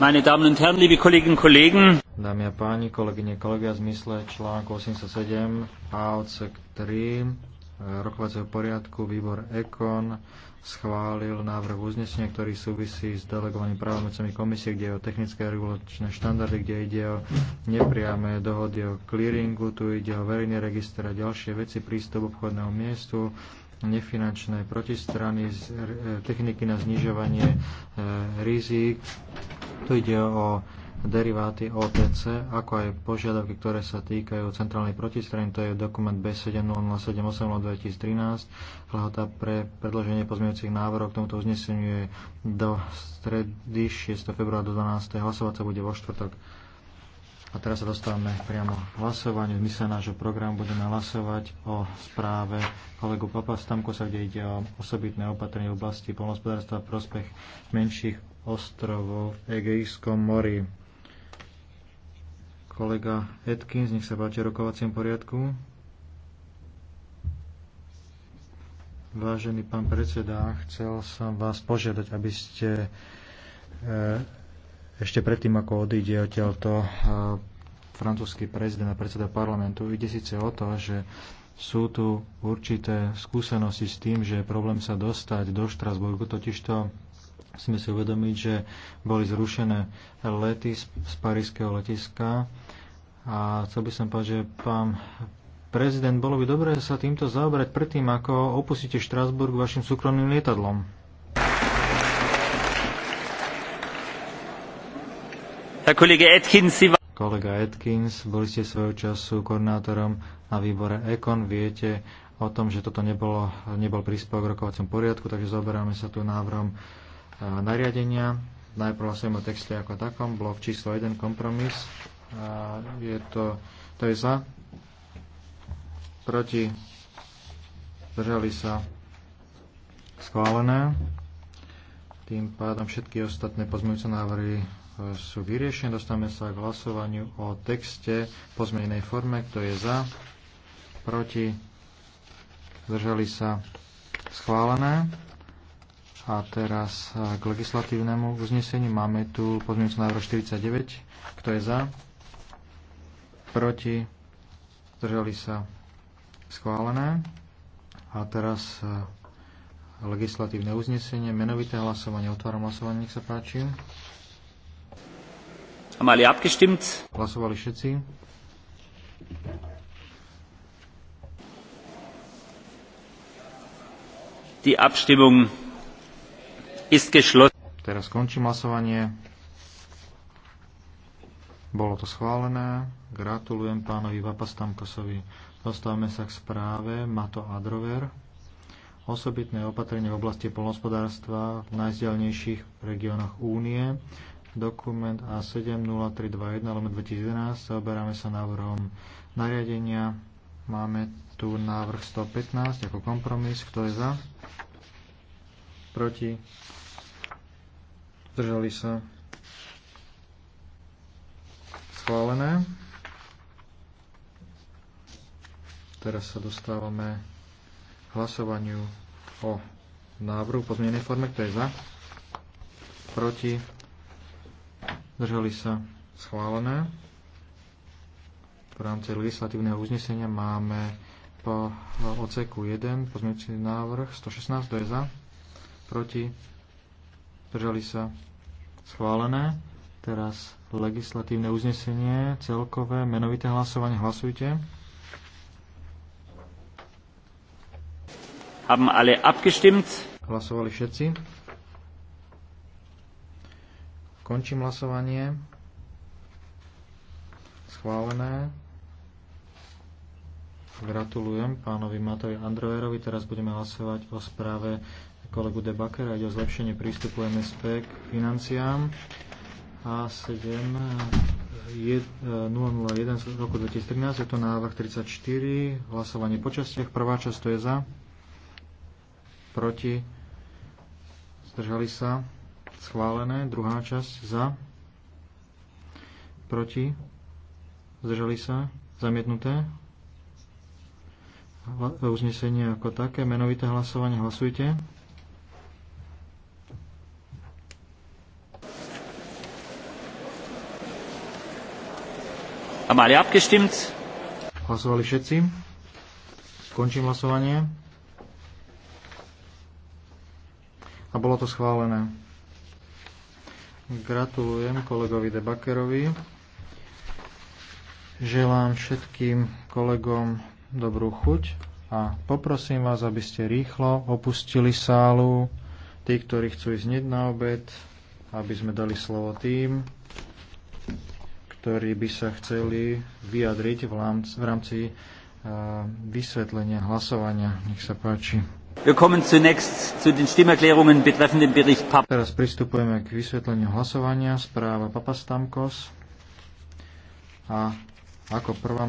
Meine Damen und Herren, liebe Kolleginnen und Kollegen. Dámy a páni, kolegyne, kolegia, v zmysle článku 87 a odsek 3 rokovacieho poriadku výbor EKON schválil návrh uznesenia, ktorý súvisí s delegovanými právomocami komisie, kde je o technické a regulačné štandardy, kde ide o nepriame dohody o clearingu, tu ide o verejný register a ďalšie veci, prístup obchodného miestu, nefinančné protistrany, eh, techniky na znižovanie eh, rizík, tu ide o deriváty OTC, ako aj požiadavky, ktoré sa týkajú centrálnej protistrany, to je dokument B70078 2013. Lehota pre predloženie pozmeňujúcich návrhov k tomuto uzneseniu je do stredy 6. februára do 12. Hlasovať sa bude vo štvrtok. A teraz sa dostávame priamo k hlasovaniu. V zmysle nášho programu budeme hlasovať o správe kolegu Papa sa kde ide o osobitné opatrenie v oblasti polnospodárstva v prospech menších ostrovov v Egejskom mori. Kolega Atkins, nech sa páči rokovacím poriadku. Vážený pán predseda, chcel som vás požiadať, aby ste ešte predtým, ako odíde odtiaľto francúzsky prezident a predseda parlamentu. Ide síce o to, že sú tu určité skúsenosti s tým, že je problém sa dostať do Štrasburgu, totižto musíme si uvedomiť, že boli zrušené lety z, z letiska a chcel by som povedať, že pán prezident, bolo by dobré sa týmto zaoberať predtým, ako opustíte Štrasburg vašim súkromným lietadlom. Kolega Atkins, boli ste svojho času koordinátorom na výbore EKON, viete o tom, že toto nebolo, nebol príspevok rokovacom poriadku, takže zoberáme sa tu návrhom e, nariadenia. Najprv hlasujem o texte ako takom, blok číslo 1, kompromis. A e, je to, to je za, proti, držali sa, schválené. Tým pádom všetky ostatné pozmeňujúce návrhy sú vyriešené. Dostávame sa k hlasovaniu o texte po zmenenej forme. Kto je za? Proti? Zdržali sa? Schválené. A teraz e, k legislatívnemu uzneseniu. Máme tu pozmeňujúci návrh 49. Kto je za? Proti? Zdržali sa? Schválené. A teraz e, legislatívne uznesenie, menovité hlasovanie. Otváram hlasovanie, nech sa páči. Hlasovali všetci. Die Abstimmung ist geschlossen. Teraz končím hlasovanie. Bolo to schválené. Gratulujem pánovi Vapastamkosovi. Dostávame sa k správe Mato Adrover. Osobitné opatrenie v oblasti polnospodárstva v najzdialnejších regiónoch únie dokument A70321 2011. Zaoberáme sa návrhom nariadenia. Máme tu návrh 115 ako kompromis. Kto je za? Proti? držali sa? Schválené. Teraz sa dostávame k hlasovaniu o návrhu po forme. Kto je za? Proti? Zdržali sa schválené. V rámci legislatívneho uznesenia máme po e, oceku 1 pozmeňujúci návrh 116, to je za, proti, zdržali sa schválené. Teraz legislatívne uznesenie, celkové, menovité hlasovanie, hlasujte. Haben alle abgestimmt? Hlasovali všetci. Končím hlasovanie. Schválené. Gratulujem pánovi Matovi Androjerovi. Teraz budeme hlasovať o správe kolegu Debakera. Ide o zlepšenie prístupu MSP k financiám. A7 001 e, z roku 2013. Je to návrh 34. Hlasovanie po častiach. Prvá časť to je za. Proti. Zdržali sa Schválené. Druhá časť za. Proti. Zdržali sa. Zamietnuté. Uznesenie ako také. Menovité hlasovanie. Hlasujte. A mali. abgestimmt? Hlasovali všetci. Končím hlasovanie. A bolo to schválené. Gratulujem kolegovi Debakerovi. Želám všetkým kolegom dobrú chuť a poprosím vás, aby ste rýchlo opustili sálu. Tí, ktorí chcú ísť hneď na obed, aby sme dali slovo tým, ktorí by sa chceli vyjadriť v rámci, eh, vysvetlenia hlasovania. Nech sa páči. Teraz pristupujeme k vysvetleniu hlasovania. Správa Papastamkos. A ako prvá má